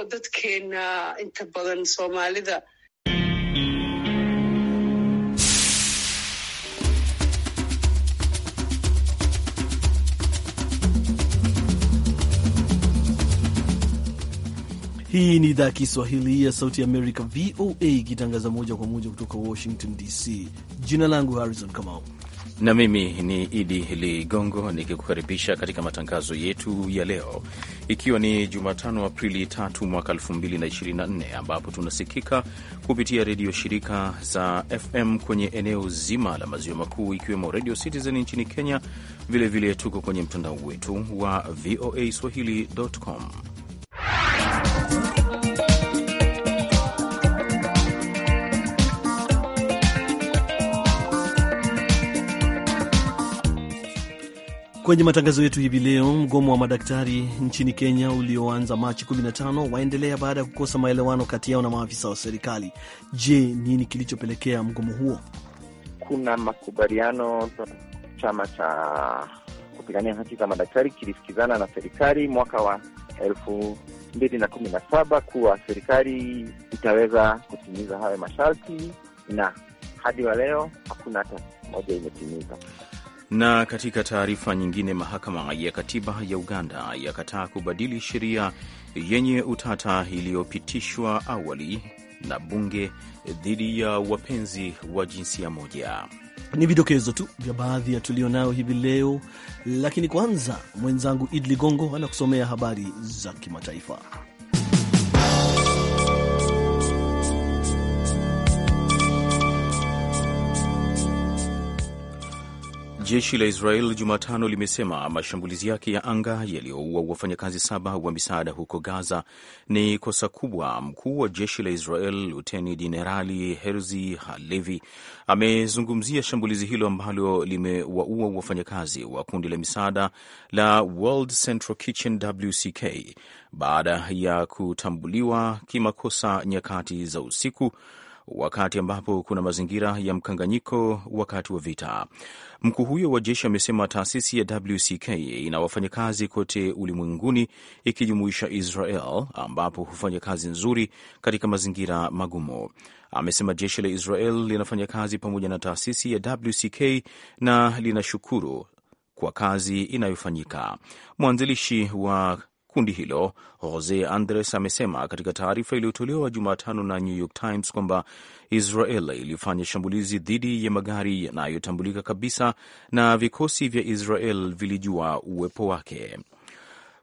oo dadkeena inta badan soomaalida Hii ni idhaa ya Kiswahili ya Sauti Amerika, VOA, ikitangaza moja kwa moja kutoka Washington DC. Jina langu Harrison Kamau na mimi ni Idi Ligongo nikikukaribisha katika matangazo yetu ya leo, ikiwa ni Jumatano Aprili 3 mwaka 2024, ambapo tunasikika kupitia redio shirika za FM kwenye eneo zima la maziwa makuu ikiwemo Radio Citizen nchini Kenya. Vilevile vile tuko kwenye mtandao wetu wa VOA swahili.com Kwenye matangazo yetu hivi leo, mgomo wa madaktari nchini Kenya ulioanza Machi 15 waendelea baada ya kukosa maelewano kati yao na maafisa wa serikali. Je, nini kilichopelekea mgomo huo? Kuna makubaliano, chama cha kupigania haki za madaktari kilisikizana na serikali mwaka wa elfu mbili na kumi na saba kuwa serikali itaweza kutimiza hayo masharti, na hadi wa leo hakuna hata moja imetimiza. Na katika taarifa nyingine, mahakama ya katiba ya Uganda yakataa kubadili sheria yenye utata iliyopitishwa awali na bunge dhidi ya wapenzi wa jinsia moja. Ni vidokezo tu vya baadhi ya tulionayo hivi leo, lakini kwanza mwenzangu Idi Ligongo anakusomea habari za kimataifa. Jeshi la Israel Jumatano limesema mashambulizi yake ya anga yaliyoua wafanyakazi saba wa misaada huko Gaza ni kosa kubwa. Mkuu wa jeshi la Israel Luteni Jenerali Herzi Halevi amezungumzia shambulizi hilo ambalo limewaua wafanyakazi wa kundi la misaada la World Central Kitchen WCK baada ya kutambuliwa kimakosa nyakati za usiku wakati ambapo kuna mazingira ya mkanganyiko wakati wa vita. Mkuu huyo wa jeshi amesema taasisi ya WCK ina wafanyakazi kote ulimwenguni ikijumuisha Israel, ambapo hufanya kazi nzuri katika mazingira magumu. Amesema jeshi la Israel linafanya kazi pamoja na taasisi ya WCK na linashukuru kwa kazi inayofanyika. Mwanzilishi wa kundi hilo. Jose Andres amesema katika taarifa iliyotolewa Jumatano na New York Times kwamba Israel ilifanya shambulizi dhidi ya magari yanayotambulika kabisa na vikosi vya Israel vilijua uwepo wake.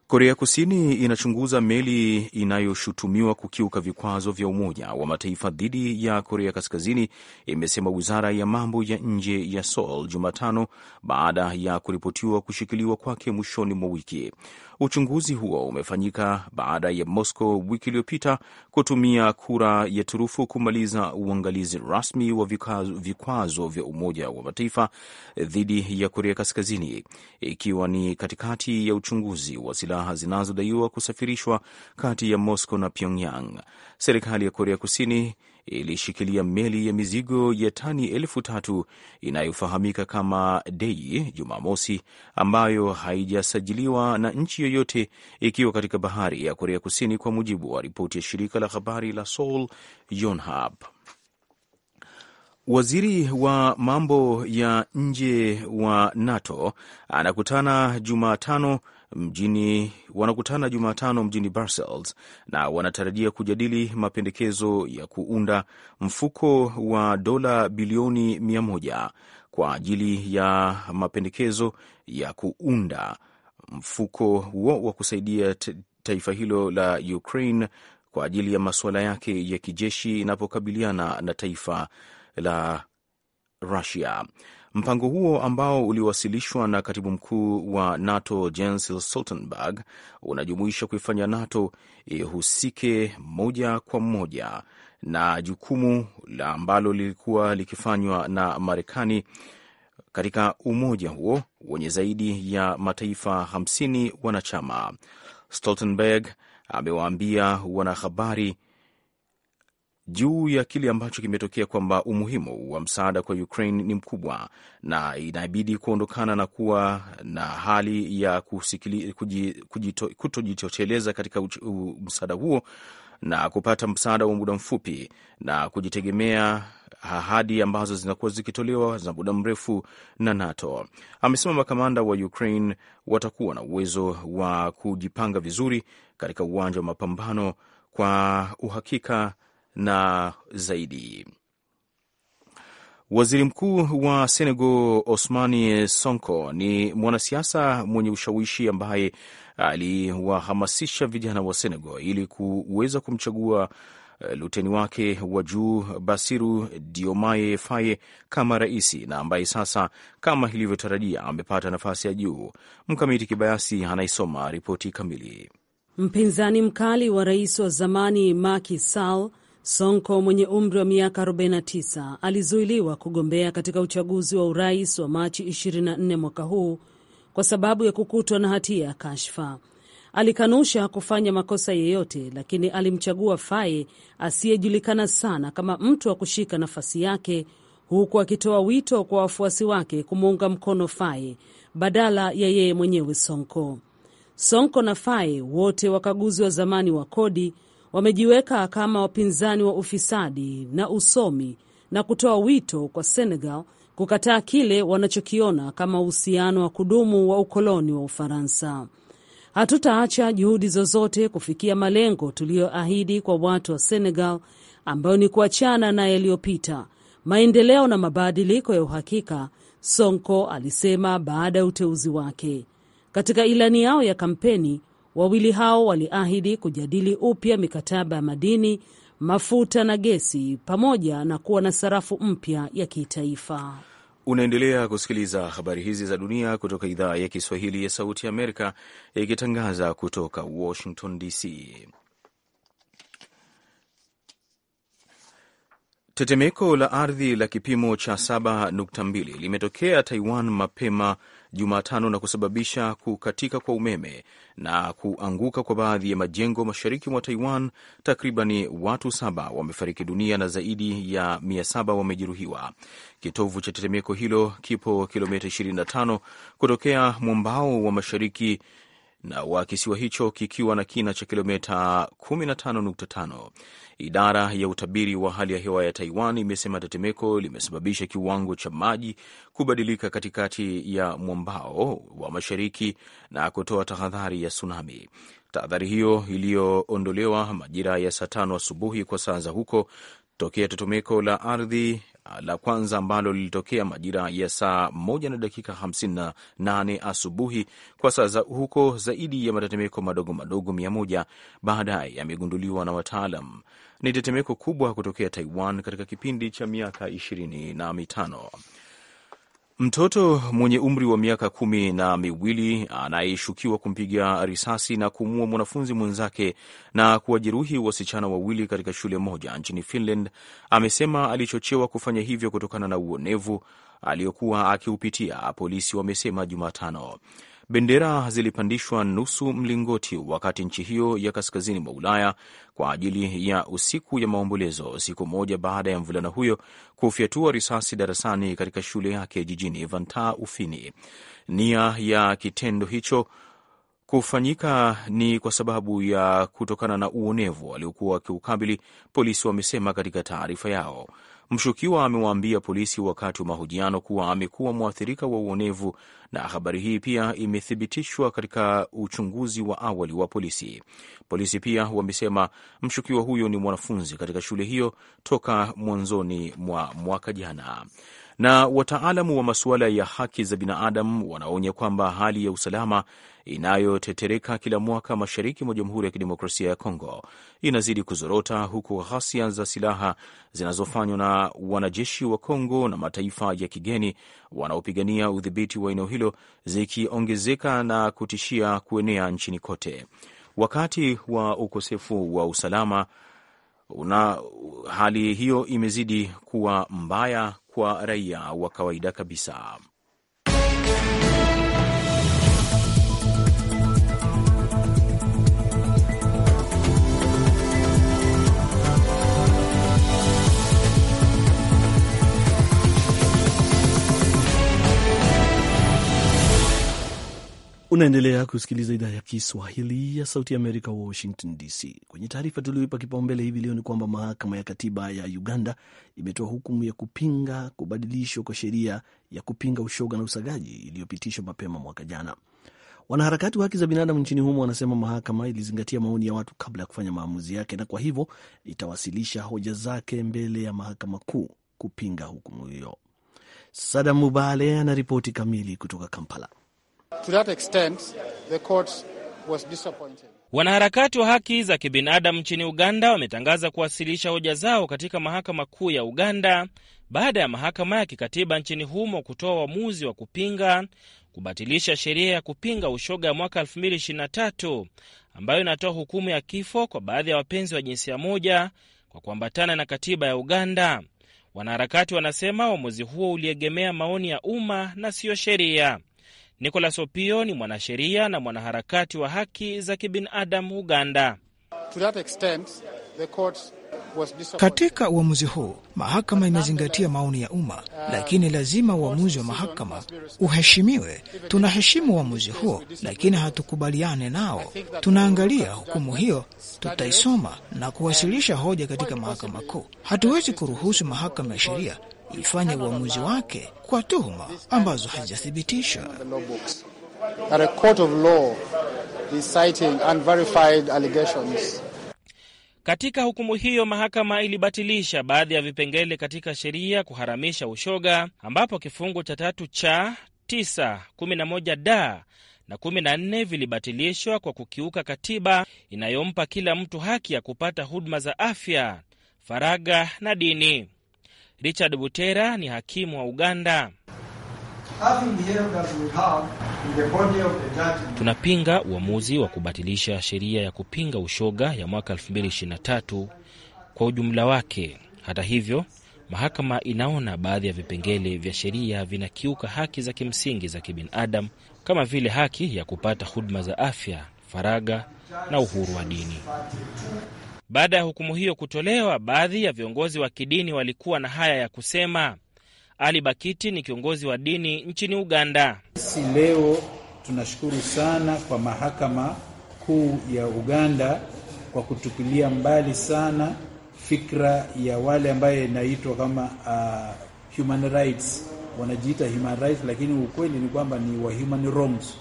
Korea Kusini inachunguza meli inayoshutumiwa kukiuka vikwazo vya Umoja wa Mataifa dhidi ya Korea Kaskazini, imesema wizara ya mambo ya nje ya Seoul Jumatano, baada ya kuripotiwa kushikiliwa kwake mwishoni mwa wiki. Uchunguzi huo umefanyika baada ya Moscow wiki iliyopita kutumia kura ya turufu kumaliza uangalizi rasmi wa vikwazo vya Umoja wa Mataifa dhidi ya Korea Kaskazini, ikiwa ni katikati ya uchunguzi wa silaha zinazodaiwa kusafirishwa kati ya Moscow na Pyongyang. Serikali ya Korea Kusini ilishikilia meli ya mizigo ya tani elfu tatu inayofahamika kama Dei Jumamosi, ambayo haijasajiliwa na nchi yoyote, ikiwa katika bahari ya Korea Kusini, kwa mujibu wa ripoti ya shirika la habari la Seoul Yonhap. Waziri wa mambo ya nje wa NATO anakutana Jumatano mjini wanakutana Jumatano mjini Brussels na wanatarajia kujadili mapendekezo ya kuunda mfuko wa dola bilioni mia moja kwa ajili ya mapendekezo ya kuunda mfuko huo wa kusaidia taifa hilo la Ukraine kwa ajili ya masuala yake ya kijeshi inapokabiliana na taifa la Rusia. Mpango huo ambao uliwasilishwa na katibu mkuu wa NATO Jens Stoltenberg unajumuisha kuifanya NATO ihusike moja kwa moja na jukumu la ambalo lilikuwa likifanywa na Marekani katika umoja huo wenye zaidi ya mataifa 50 wanachama. Stoltenberg amewaambia wanahabari juu ya kile ambacho kimetokea kwamba umuhimu wa msaada kwa Ukraine ni mkubwa na inabidi kuondokana na kuwa na hali ya kutojitosheleza katika msaada huo na kupata msaada wa muda mfupi na kujitegemea, ahadi ambazo zinakuwa zikitolewa za muda mrefu na NATO. Amesema makamanda wa Ukraine watakuwa na uwezo wa kujipanga vizuri katika uwanja wa mapambano kwa uhakika na zaidi. Waziri mkuu wa Senegal Osmani Sonko ni mwanasiasa mwenye ushawishi ambaye aliwahamasisha vijana wa Senegal ili kuweza kumchagua eh, luteni wake wa juu Basiru Diomaye Faye kama raisi, na ambaye sasa kama ilivyotarajia amepata nafasi ya juu. Mkamiti Kibayasi anaisoma ripoti kamili. Mpinzani mkali wa rais wa zamani Macky Sall Sonko mwenye umri wa miaka 49 alizuiliwa kugombea katika uchaguzi wa urais wa Machi 24 mwaka huu kwa sababu ya kukutwa na hatia ya kashfa. Alikanusha kufanya makosa yeyote, lakini alimchagua Faye asiyejulikana sana kama mtu wa kushika nafasi yake, huku akitoa wito kwa wafuasi wake kumuunga mkono Faye badala ya yeye mwenyewe Sonko. Sonko na Faye wote wakaguzi wa zamani wa kodi wamejiweka kama wapinzani wa ufisadi na usomi na kutoa wito kwa Senegal kukataa kile wanachokiona kama uhusiano wa kudumu wa ukoloni wa Ufaransa. Hatutaacha juhudi zozote kufikia malengo tuliyoahidi kwa watu wa Senegal, ambayo ni kuachana na yaliyopita, maendeleo na mabadiliko ya uhakika, Sonko alisema baada ya uteuzi wake. Katika ilani yao ya kampeni Wawili hao waliahidi kujadili upya mikataba ya madini, mafuta na gesi pamoja na kuwa na sarafu mpya ya kitaifa. Unaendelea kusikiliza habari hizi za dunia kutoka idhaa ya Kiswahili ya Sauti ya Amerika ikitangaza kutoka Washington DC. Tetemeko la ardhi la kipimo cha 7.2 limetokea Taiwan mapema Jumatano na kusababisha kukatika kwa umeme na kuanguka kwa baadhi ya majengo mashariki mwa Taiwan. Takribani watu saba wamefariki dunia na zaidi ya mia saba wamejeruhiwa. Kitovu cha tetemeko hilo kipo kilomita 25 kutokea mwambao wa mashariki na wa kisiwa hicho kikiwa na kina cha kilomita 15.5. Idara ya utabiri wa hali ya hewa ya Taiwan imesema tetemeko limesababisha kiwango cha maji kubadilika katikati ya mwambao wa mashariki na kutoa tahadhari ya tsunami. Tahadhari hiyo iliyoondolewa majira ya saa tano asubuhi kwa saa za huko tokea tetemeko la ardhi la kwanza ambalo lilitokea majira ya saa moja na dakika 58 asubuhi kwa saa za huko. Zaidi ya matetemeko madogo madogo mia moja baadaye yamegunduliwa na wataalam. Ni tetemeko kubwa kutokea Taiwan katika kipindi cha miaka ishirini na mitano. Mtoto mwenye umri wa miaka kumi na miwili anayeshukiwa kumpiga risasi na kumua mwanafunzi mwenzake na kuwajeruhi wasichana wawili katika shule moja nchini Finland amesema alichochewa kufanya hivyo kutokana na uonevu aliyokuwa akiupitia, polisi wamesema Jumatano. Bendera zilipandishwa nusu mlingoti wakati nchi hiyo ya kaskazini mwa Ulaya kwa ajili ya usiku ya maombolezo, siku moja baada ya mvulana huyo kufyatua risasi darasani katika shule yake jijini vanta Ufini. Nia ya kitendo hicho kufanyika ni kwa sababu ya kutokana na uonevu aliokuwa wakiukabili, polisi wamesema katika taarifa yao. Mshukiwa amewaambia polisi wakati wa mahojiano kuwa amekuwa mwathirika wa uonevu, na habari hii pia imethibitishwa katika uchunguzi wa awali wa polisi. Polisi pia wamesema mshukiwa huyo ni mwanafunzi katika shule hiyo toka mwanzoni mwa mwaka jana na wataalamu wa masuala ya haki za binadamu wanaonya kwamba hali ya usalama inayotetereka kila mwaka mashariki mwa Jamhuri ya Kidemokrasia ya Kongo inazidi kuzorota huku ghasia za silaha zinazofanywa na wanajeshi wa Kongo na mataifa ya kigeni wanaopigania udhibiti wa eneo hilo zikiongezeka na kutishia kuenea nchini kote. Wakati wa ukosefu wa usalama una hali hiyo imezidi kuwa mbaya kwa raia wa kawaida kabisa. Unaendelea kusikiliza idhaa ya Kiswahili ya Sauti Amerika, Washington DC. Kwenye taarifa tulioipa kipaumbele hivi leo ni kwamba mahakama ya katiba ya Uganda imetoa hukumu ya kupinga kubadilishwa kwa sheria ya kupinga ushoga na usagaji iliyopitishwa mapema mwaka jana. Wanaharakati wa haki za binadamu nchini humo wanasema mahakama ilizingatia maoni ya watu kabla ya kufanya maamuzi yake, na kwa hivyo itawasilisha hoja zake mbele ya mahakama kuu kupinga hukumu hiyo. Sada Mubale kamili kutoka Kampala. Wanaharakati wa haki za kibinadamu nchini Uganda wametangaza kuwasilisha hoja zao katika mahakama kuu ya Uganda baada ya mahakama ya kikatiba nchini humo kutoa uamuzi wa kupinga kubatilisha sheria ya kupinga ushoga ya mwaka 2023 ambayo inatoa hukumu ya kifo kwa baadhi ya wapenzi wa jinsia moja kwa kuambatana na katiba ya Uganda. Wanaharakati wanasema uamuzi huo uliegemea maoni ya umma na siyo sheria. Nicholas Opio ni mwanasheria na mwanaharakati wa haki za kibinadamu Uganda. Katika uamuzi huu mahakama imezingatia maoni ya umma, lakini lazima uamuzi wa mahakama uheshimiwe. Tunaheshimu uamuzi huo, lakini hatukubaliane nao. Tunaangalia hukumu hiyo, tutaisoma na kuwasilisha hoja katika mahakama kuu. Hatuwezi kuruhusu mahakama ya sheria ifanye uamuzi wake kwa tuhuma ambazo hazijathibitishwa. Katika hukumu hiyo mahakama ilibatilisha baadhi ya vipengele katika sheria kuharamisha ushoga, ambapo kifungu cha tatu cha 911 na da na 14 vilibatilishwa kwa kukiuka katiba inayompa kila mtu haki ya kupata huduma za afya, faragha na dini. Richard Butera ni hakimu wa Uganda. Tunapinga uamuzi wa kubatilisha sheria ya kupinga ushoga ya mwaka 2023 kwa ujumla wake. Hata hivyo, mahakama inaona baadhi ya vipengele vya sheria vinakiuka haki za kimsingi za kibinadamu kama vile haki ya kupata huduma za afya, faragha na uhuru wa dini. Baada ya hukumu hiyo kutolewa, baadhi ya viongozi wa kidini walikuwa na haya ya kusema. Ali Bakiti ni kiongozi wa dini nchini Uganda. Sisi leo tunashukuru sana kwa mahakama kuu ya Uganda kwa kutupilia mbali sana fikra ya wale ambayo inaitwa kama uh, human rights. Wanajiita human rights, lakini ukweli ni kwamba ni wa human wrongs.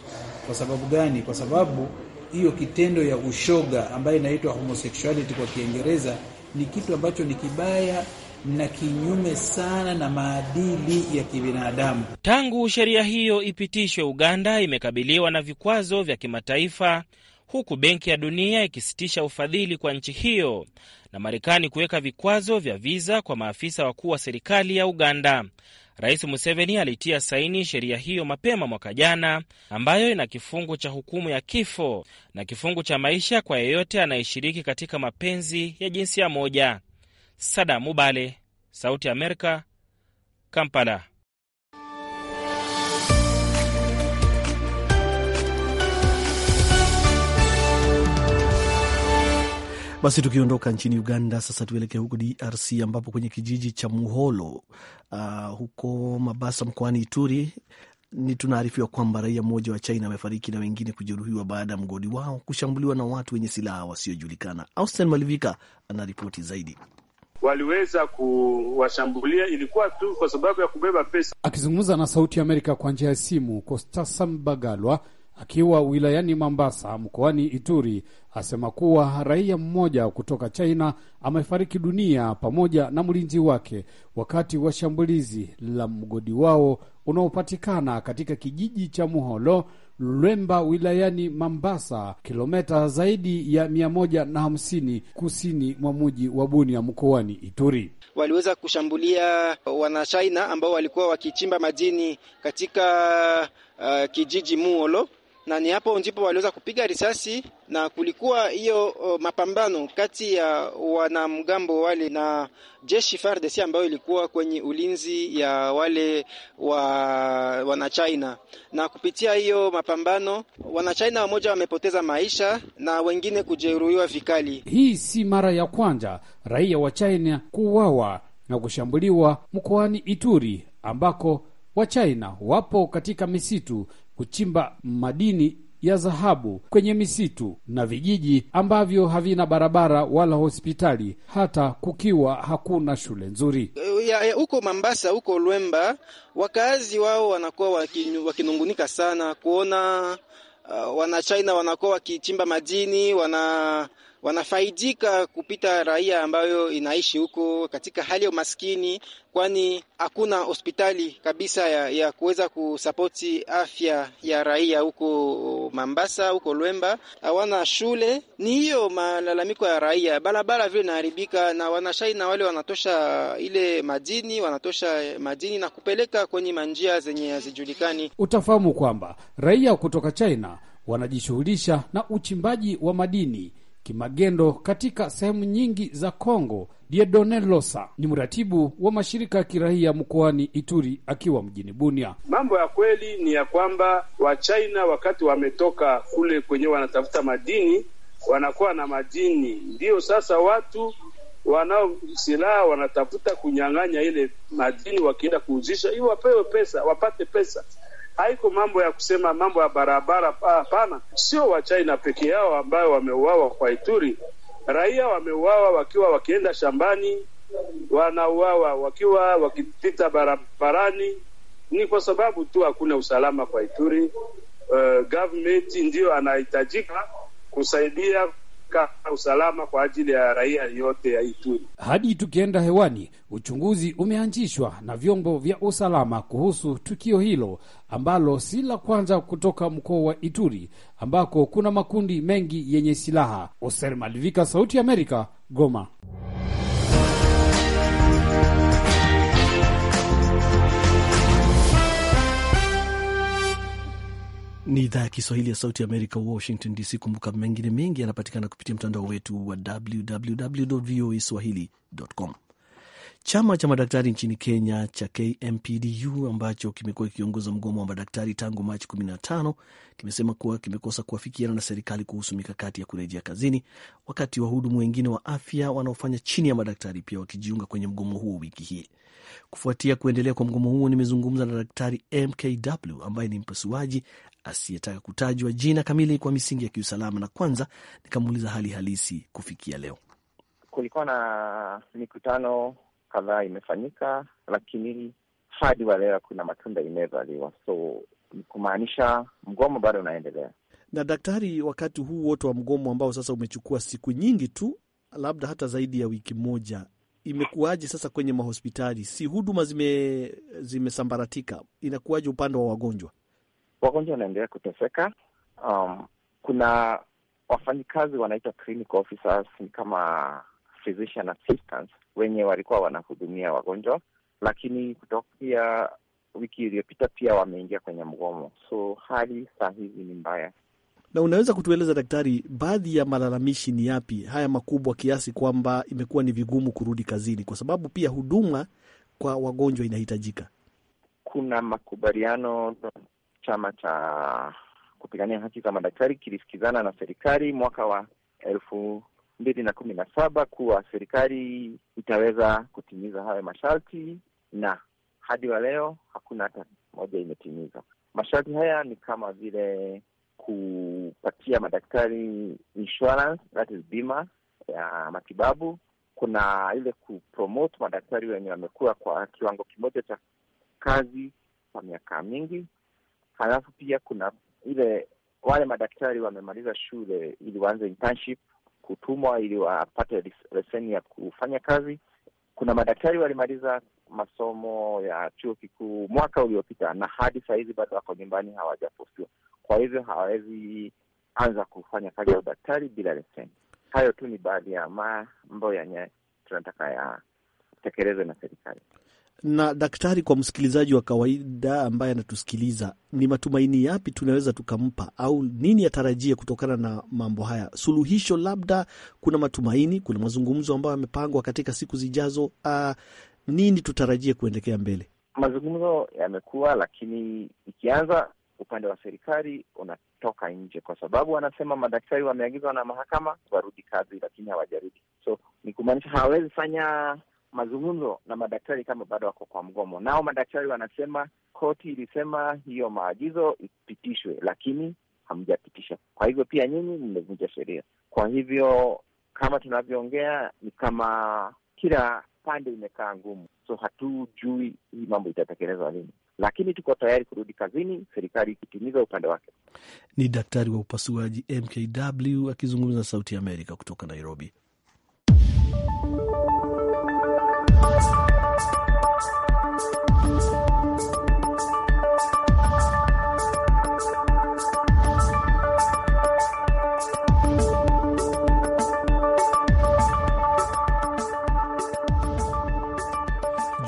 Kwa sababu gani? Kwa sababu hiyo kitendo ya ushoga ambayo inaitwa homosexuality kwa Kiingereza ni kitu ambacho ni kibaya na kinyume sana na maadili ya kibinadamu. Tangu sheria hiyo ipitishwe, Uganda imekabiliwa na vikwazo vya kimataifa, huku Benki ya Dunia ikisitisha ufadhili kwa nchi hiyo na Marekani kuweka vikwazo vya viza kwa maafisa wakuu wa serikali ya Uganda. Rais Museveni alitia saini sheria hiyo mapema mwaka jana, ambayo ina kifungu cha hukumu ya kifo na kifungu cha maisha kwa yeyote anayeshiriki katika mapenzi ya jinsia moja. Sada Mubale, Sauti ya Amerika, Kampala. Basi tukiondoka nchini Uganda, sasa tuelekee huko DRC ambapo kwenye kijiji cha Muholo uh, huko Mabasa mkoani Ituri ni tunaarifiwa kwamba raia mmoja wa China amefariki na wengine kujeruhiwa baada ya mgodi wao kushambuliwa na watu wenye silaha wasiojulikana. Austin Malivika anaripoti zaidi. Waliweza kuwashambulia ilikuwa tu kwa sababu ya kubeba pesa. Akizungumza na Sauti ya Amerika kwa njia ya simu, Kostasa Mbagalwa akiwa wilayani mambasa mkoani Ituri asema kuwa raia mmoja kutoka China amefariki dunia pamoja na mlinzi wake wakati wa shambulizi la mgodi wao unaopatikana katika kijiji cha Muholo Lwemba wilayani mambasa kilometa zaidi ya mia moja na hamsini kusini mwa muji wa Bunia mkoani Ituri. Waliweza kushambulia Wanachina ambao walikuwa wakichimba madini katika uh, kijiji Muholo na ni hapo ndipo waliweza kupiga risasi, na kulikuwa hiyo oh, mapambano kati ya wanamgambo wale na jeshi FARDC ambayo ilikuwa kwenye ulinzi ya wale wa wanachina, na kupitia hiyo mapambano wanachina wamoja wamepoteza maisha na wengine kujeruhiwa vikali. Hii si mara ya kwanza raia wa China kuuawa na kushambuliwa mkoani Ituri ambako wa China wapo katika misitu kuchimba madini ya dhahabu kwenye misitu na vijiji ambavyo havina barabara wala hospitali, hata kukiwa hakuna shule nzuri. Eh, huko Mambasa, huko Lwemba, wakazi wao wanakuwa wakinungunika sana kuona uh, ah, Wanachina wanakuwa wakichimba madini wana wanafaidika kupita raia ambayo inaishi huko katika hali ya umaskini, kwani hakuna hospitali kabisa ya, ya kuweza kusapoti afya ya raia huko Mambasa, huko Lwemba. Hawana shule. Ni hiyo malalamiko ya raia. Barabara vile inaharibika, na wanashai na wale wanatosha ile madini, wanatosha madini na kupeleka kwenye manjia zenye hazijulikani. Utafahamu kwamba raia kutoka China wanajishughulisha na uchimbaji wa madini kimagendo katika sehemu nyingi za Kongo. Diedone Losa ni mratibu wa mashirika ya kiraia mkoani Ituri akiwa mjini Bunia. Mambo ya kweli ni ya kwamba Wachina wakati wametoka kule kwenyewe wanatafuta madini, wanakuwa na madini, ndiyo sasa watu wanao silaha wanatafuta kunyang'anya ile madini, wakienda kuuzisha ili wapewe pesa, wapate pesa haiko mambo ya kusema mambo ya barabara. Hapana, sio wachaina peke yao ambayo wameuawa kwa Ituri, raia wameuawa wakiwa wakienda shambani, wanauawa wakiwa wakipita barabarani. Ni kwa sababu tu hakuna usalama kwa Ituri. Uh, government ndiyo anahitajika kusaidia kuweka usalama kwa ajili ya raia yote ya Ituri. Hadi tukienda hewani, uchunguzi umeanzishwa na vyombo vya usalama kuhusu tukio hilo ambalo si la kwanza kutoka mkoa wa Ituri ambako kuna makundi mengi yenye silaha. Oser Malivika, Sauti ya Amerika, Goma. Ni idhaa ya Kiswahili ya Sauti Amerika, Washington DC. Kumbuka mengine mengi yanapatikana kupitia mtandao wetu wa www voa swahili.com. Chama cha madaktari nchini Kenya cha KMPDU ambacho kimekuwa kikiongoza mgomo wa madaktari tangu Machi 15 kimesema kuwa kimekosa kuafikiana na serikali kuhusu mikakati ya kurejea kazini, wakati wahudumu wengine wa afya wanaofanya chini ya madaktari pia wakijiunga kwenye mgomo huo wiki hii. Kufuatia kuendelea kwa mgomo huo, nimezungumza na Daktari MKW ambaye ni mpasuaji asiyetaka kutajwa jina kamili kwa misingi ya kiusalama, na kwanza nikamuuliza hali halisi kufikia leo. Kulikuwa na mikutano kadhaa imefanyika, lakini hadi wa leo kuna matunda imezaliwa, so kumaanisha mgomo bado unaendelea. Na daktari, wakati huu wote wa mgomo ambao sasa umechukua siku nyingi tu, labda hata zaidi ya wiki moja, imekuwaje sasa kwenye mahospitali? Si huduma zime zimesambaratika, inakuwaje upande wa wagonjwa? wagonjwa wanaendelea kuteseka. Um, kuna wafanyikazi wanaitwa clinical officers, ni kama physician assistants wenye walikuwa wanahudumia wagonjwa, lakini kutokia wiki iliyopita pia wameingia kwenye mgomo, so hali saa hizi ni mbaya. Na unaweza kutueleza daktari, baadhi ya malalamishi ni yapi haya makubwa kiasi kwamba imekuwa ni vigumu kurudi kazini, kwa sababu pia huduma kwa wagonjwa inahitajika? Kuna makubaliano chama cha kupigania haki za madaktari kilisikizana na serikali mwaka wa elfu mbili na kumi na saba kuwa serikali itaweza kutimiza hayo masharti, na hadi wa leo hakuna hata moja imetimiza masharti haya. Ni kama vile kupatia madaktari insurance, that is bima ya matibabu. Kuna ile kupromote madaktari wenye wamekuwa kwa kiwango kimoja cha kazi kwa miaka mingi Halafu pia kuna ile wale madaktari wamemaliza shule ili waanze internship, kutumwa ili wapate leseni ya kufanya kazi. Kuna madaktari walimaliza masomo ya chuo kikuu mwaka uliopita na hadi sahizi bado wako nyumbani, hawajapostiwa. Kwa hivyo hawawezi anza kufanya kazi ya udaktari bila leseni. Hayo tu ni baadhi ya mambo yenye tunataka yatekelezwe na serikali. Na daktari, kwa msikilizaji wa kawaida ambaye anatusikiliza, ni matumaini yapi tunaweza tukampa, au nini atarajie kutokana na mambo haya? Suluhisho, labda kuna matumaini, kuna mazungumzo ambayo yamepangwa katika siku zijazo. Uh, nini tutarajie kuendekea mbele? Mazungumzo yamekuwa, lakini ikianza upande wa serikali unatoka nje, kwa sababu wanasema madaktari wameagizwa na mahakama warudi kazi, lakini hawajarudi. So ni kumaanisha hawawezi fanya mazungumzo na madaktari kama bado wako kwa mgomo. Nao madaktari wanasema koti ilisema hiyo maagizo ipitishwe, lakini hamjapitisha. Kwa hivyo pia nyinyi mmevunja sheria. Kwa hivyo kama tunavyoongea ni kama kila pande imekaa ngumu, so hatujui hii mambo itatekelezwa lini, lakini tuko tayari kurudi kazini, serikali ikitimiza upande wake. Ni daktari wa upasuaji MKW akizungumza na Sauti ya Amerika kutoka Nairobi.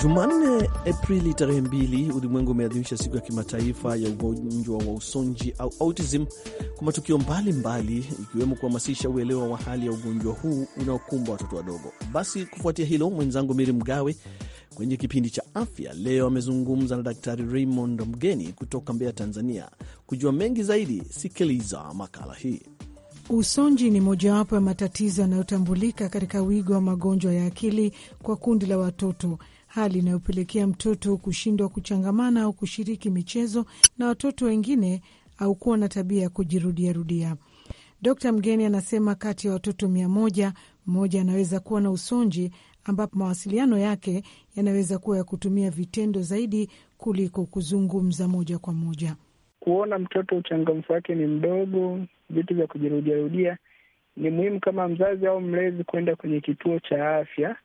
Jumanne, Aprili tarehe mbili, ulimwengu umeadhimisha siku ya kimataifa ya ugonjwa wa usonji au autism kwa matukio mbalimbali, ikiwemo kuhamasisha uelewa wa hali ya ugonjwa huu unaokumba watoto wadogo. Basi kufuatia hilo, mwenzangu Miri Mgawe kwenye kipindi cha afya leo amezungumza na Daktari Raymond Mgeni kutoka Mbeya, Tanzania. Kujua mengi zaidi, sikiliza makala hii. Usonji ni mojawapo ya matatizo yanayotambulika katika wigo wa magonjwa ya akili kwa kundi la watoto hali inayopelekea mtoto kushindwa kuchangamana au kushiriki michezo na watoto wengine au kuwa na tabia ya kujirudiarudia. Dkt Mgeni anasema kati ya watoto mia moja mmoja anaweza kuwa na usonji, ambapo mawasiliano yake yanaweza kuwa ya kutumia vitendo zaidi kuliko kuzungumza moja kwa moja. Kuona mtoto uchangamfu wake ni mdogo, vitu vya kujirudiarudia, ni muhimu kama mzazi au mlezi kwenda kwenye kituo cha afya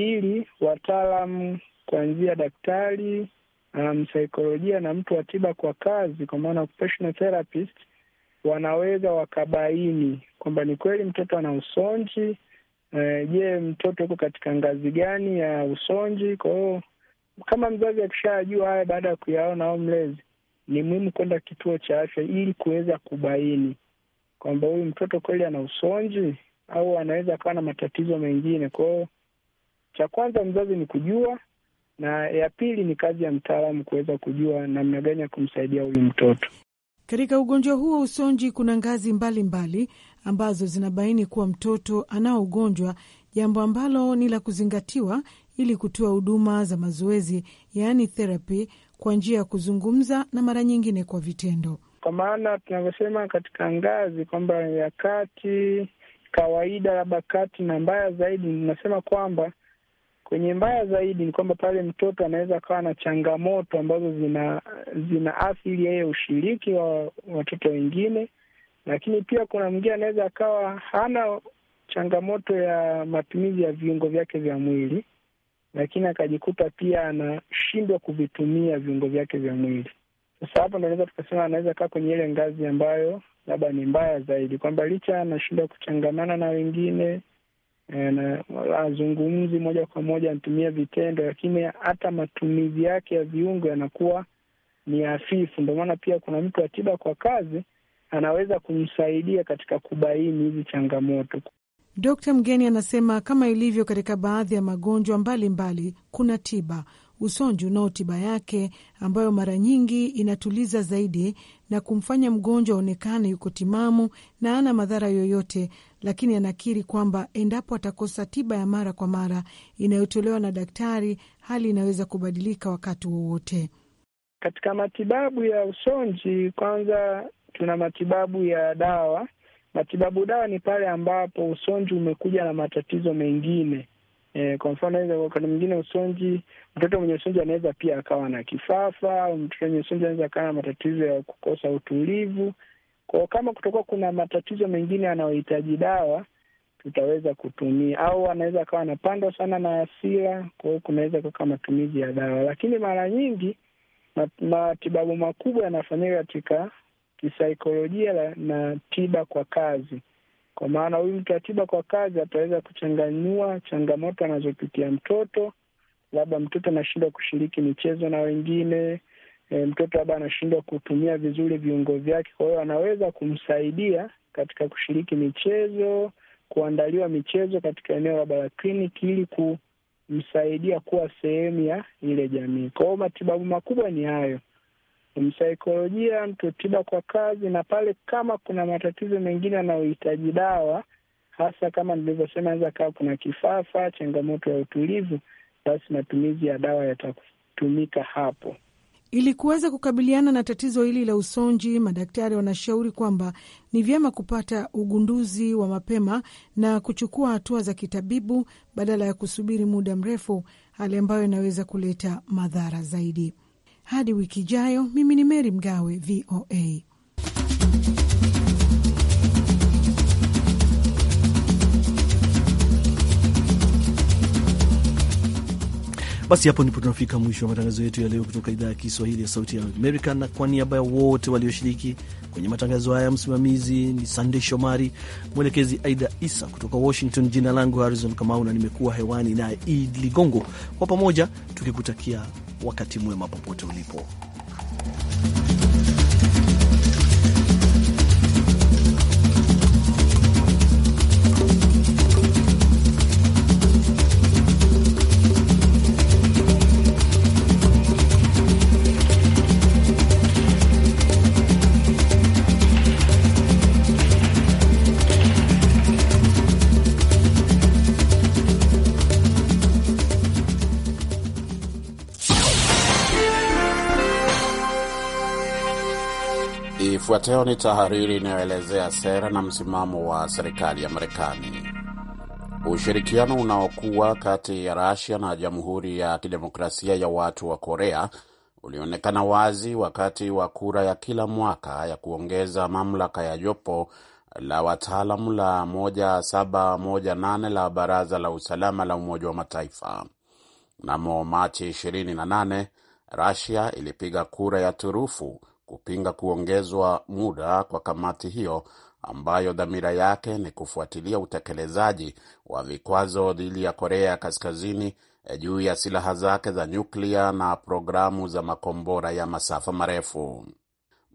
ili wataalamu kuanzia daktari, msaikolojia um, na mtu wa tiba kwa kazi, kwa maana occupational therapist, wanaweza wakabaini kwamba ni kweli mtoto ana usonji. Eh, je, uh, mtoto yuko katika ngazi gani ya usonji? Kwa hiyo kama mzazi akishajua haya baada ya kuyaona au mlezi, ni muhimu kwenda kituo cha afya ili kuweza kubaini kwamba huyu mtoto kweli ana usonji au anaweza akawa na matatizo mengine. Kwa hiyo cha kwanza mzazi ni kujua, na ya pili ni kazi ya mtaalamu kuweza kujua namna gani ya kumsaidia huyu mtoto. Katika ugonjwa huo usonji, kuna ngazi mbalimbali mbali ambazo zinabaini kuwa mtoto anao ugonjwa, jambo ambalo ni la kuzingatiwa ili kutoa huduma za mazoezi, yaani therapy, kwa njia ya kuzungumza na mara nyingine kwa vitendo, kwa maana tunavyosema katika ngazi kwamba ya kati, kawaida, labda kati na mbaya zaidi, nasema kwamba Kwenye mbaya zaidi ni kwamba pale mtoto anaweza akawa na changamoto ambazo zina zina athiri yeye ushiriki wa watoto wengine, lakini pia kuna mwingine anaweza akawa hana changamoto ya matumizi ya viungo vyake vya mwili, lakini akajikuta pia anashindwa kuvitumia viungo vyake vya mwili. Sasa hapo ndo naweza tukasema anaweza kaa kwenye ile ngazi ambayo labda ni mbaya zaidi, kwamba licha anashindwa kuchangamana na wengine Uh, azungumzi moja kwa moja, anatumia vitendo, lakini hata matumizi yake ya viungo yanakuwa ni hafifu. Ndio maana pia kuna mtu wa tiba kwa kazi anaweza kumsaidia katika kubaini hizi changamoto. Dkt Mgeni anasema kama ilivyo katika baadhi ya magonjwa mbalimbali mbali, kuna tiba usonji unao tiba yake, ambayo mara nyingi inatuliza zaidi na kumfanya mgonjwa aonekane yuko timamu na ana madhara yoyote, lakini anakiri kwamba endapo atakosa tiba ya mara kwa mara inayotolewa na daktari, hali inaweza kubadilika wakati wowote. Katika matibabu ya usonji, kwanza tuna matibabu ya dawa. Matibabu dawa ni pale ambapo usonji umekuja na matatizo mengine Eh, kwa mfano wakati mwingine usonji, mtoto mwenye usonji anaweza pia akawa na kifafa, au mtoto mwenye usonji anaweza akawa na matatizo ya kukosa utulivu. Kwa kama kutokuwa kuna matatizo mengine anayohitaji dawa tutaweza kutumia, au anaweza akawa anapandwa sana na hasira, kwa hiyo kunaweza kukaa matumizi ya dawa, lakini mara nyingi matibabu makubwa yanafanyika katika kisaikolojia na tiba kwa kazi. Kwa maana huyu mtu atiba kwa kazi ataweza kuchanganua changamoto anazopitia mtoto, labda mtoto anashindwa kushiriki michezo na wengine e, mtoto labda anashindwa kutumia vizuri viungo vyake. Kwa hiyo anaweza kumsaidia katika kushiriki michezo, kuandaliwa michezo katika eneo labda la kliniki, ili kumsaidia kuwa sehemu ya ile jamii. Kwa hiyo matibabu makubwa ni hayo msaikolojia, mtu tiba kwa kazi, na pale kama kuna matatizo mengine yanayohitaji dawa, hasa kama nilivyosema, naweza kawa kuna kifafa, changamoto ya utulivu, basi matumizi ya dawa yatatumika hapo. Ili kuweza kukabiliana na tatizo hili la usonji, madaktari wanashauri kwamba ni vyema kupata ugunduzi wa mapema na kuchukua hatua za kitabibu badala ya kusubiri muda mrefu, hali ambayo inaweza kuleta madhara zaidi. Hadi wiki ijayo, mimi ni Meri Mgawe, VOA. Basi hapo ndipo tunafika mwisho wa matangazo yetu ya leo kutoka idhaa ya Kiswahili ya Sauti ya Amerika. Na kwa niaba ya wote walioshiriki kwenye matangazo haya, msimamizi ni Sandey Shomari, mwelekezi Aida Isa kutoka Washington. Jina langu Harrison Kamau na nimekuwa hewani naye Id Ligongo, kwa pamoja tukikutakia wakati mwema popote ulipo. Ifuatayo ni tahariri inayoelezea sera na msimamo wa serikali ya Marekani. Ushirikiano unaokuwa kati ya Rasia na Jamhuri ya Kidemokrasia ya Watu wa Korea ulionekana wazi wakati wa kura ya kila mwaka ya kuongeza mamlaka ya jopo la wataalamu la 1718 la Baraza la Usalama la Umoja wa Mataifa. Mnamo Machi 28, Rasia ilipiga kura ya turufu kupinga kuongezwa muda kwa kamati hiyo ambayo dhamira yake ni kufuatilia utekelezaji wa vikwazo dhidi ya Korea ya Kaskazini eh, juu ya silaha zake za nyuklia na programu za makombora ya masafa marefu.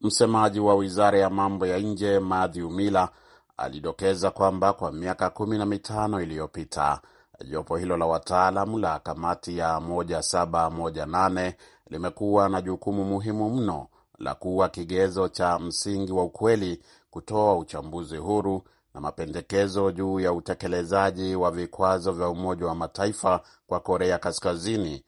Msemaji wa wizara ya mambo ya nje Matthew Miller alidokeza kwamba kwa miaka kumi na mitano iliyopita eh, jopo hilo la wataalamu la kamati ya 1718 limekuwa na jukumu muhimu mno la kuwa kigezo cha msingi wa ukweli, kutoa uchambuzi huru na mapendekezo juu ya utekelezaji wa vikwazo vya Umoja wa Mataifa kwa Korea Kaskazini,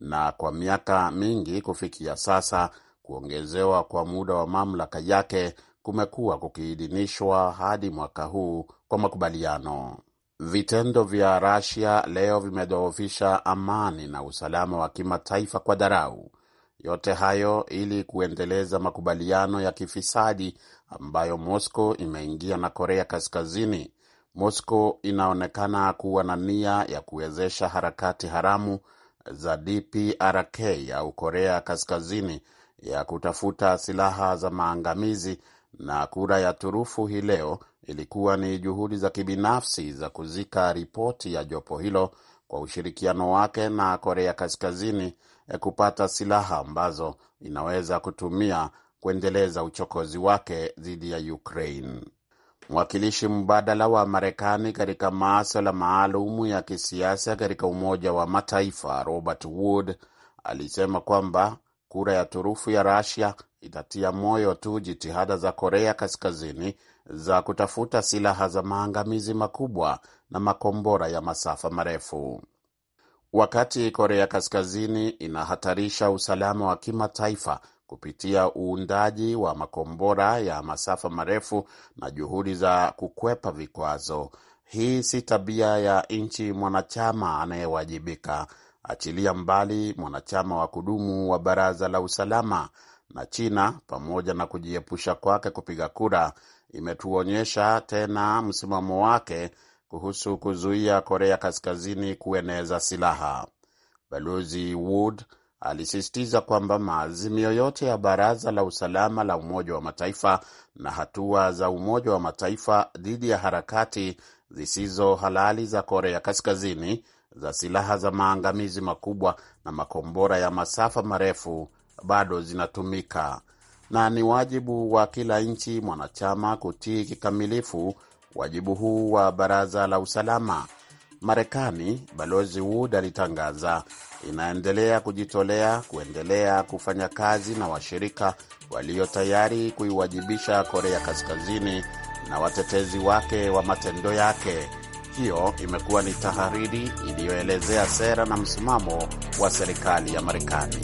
na kwa miaka mingi kufikia sasa kuongezewa kwa muda wa mamlaka yake kumekuwa kukiidhinishwa hadi mwaka huu kwa makubaliano. Vitendo vya Russia leo vimedhoofisha amani na usalama wa kimataifa kwa dharau. Yote hayo ili kuendeleza makubaliano ya kifisadi ambayo Moscow imeingia na Korea Kaskazini. Moscow inaonekana kuwa na nia ya kuwezesha harakati haramu za DPRK au Korea Kaskazini ya kutafuta silaha za maangamizi. Na kura ya turufu hii leo ilikuwa ni juhudi za kibinafsi za kuzika ripoti ya jopo hilo kwa ushirikiano wake na Korea Kaskazini Eh, kupata silaha ambazo inaweza kutumia kuendeleza uchokozi wake dhidi ya Ukraine. Mwakilishi mbadala wa Marekani katika maswala maalumu ya kisiasa katika Umoja wa Mataifa Robert Wood alisema kwamba kura ya turufu ya rasia itatia moyo tu jitihada za Korea Kaskazini za kutafuta silaha za maangamizi makubwa na makombora ya masafa marefu wakati Korea Kaskazini inahatarisha usalama wa kimataifa kupitia uundaji wa makombora ya masafa marefu na juhudi za kukwepa vikwazo. Hii si tabia ya nchi mwanachama anayewajibika, achilia mbali mwanachama wa kudumu wa Baraza la Usalama. Na China, pamoja na kujiepusha kwake kupiga kura, imetuonyesha tena msimamo wake kuhusu kuzuia Korea Kaskazini kueneza silaha. Balozi Wood alisisitiza kwamba maazimio yote ya Baraza la Usalama la Umoja wa Mataifa na hatua za Umoja wa Mataifa dhidi ya harakati zisizo halali za Korea Kaskazini za silaha za maangamizi makubwa na makombora ya masafa marefu bado zinatumika na ni wajibu wa kila nchi mwanachama kutii kikamilifu wajibu huu wa baraza la usalama. Marekani, Balozi Wood alitangaza, inaendelea kujitolea kuendelea kufanya kazi na washirika walio tayari kuiwajibisha Korea Kaskazini na watetezi wake wa matendo yake. Hiyo imekuwa ni tahariri iliyoelezea sera na msimamo wa serikali ya Marekani.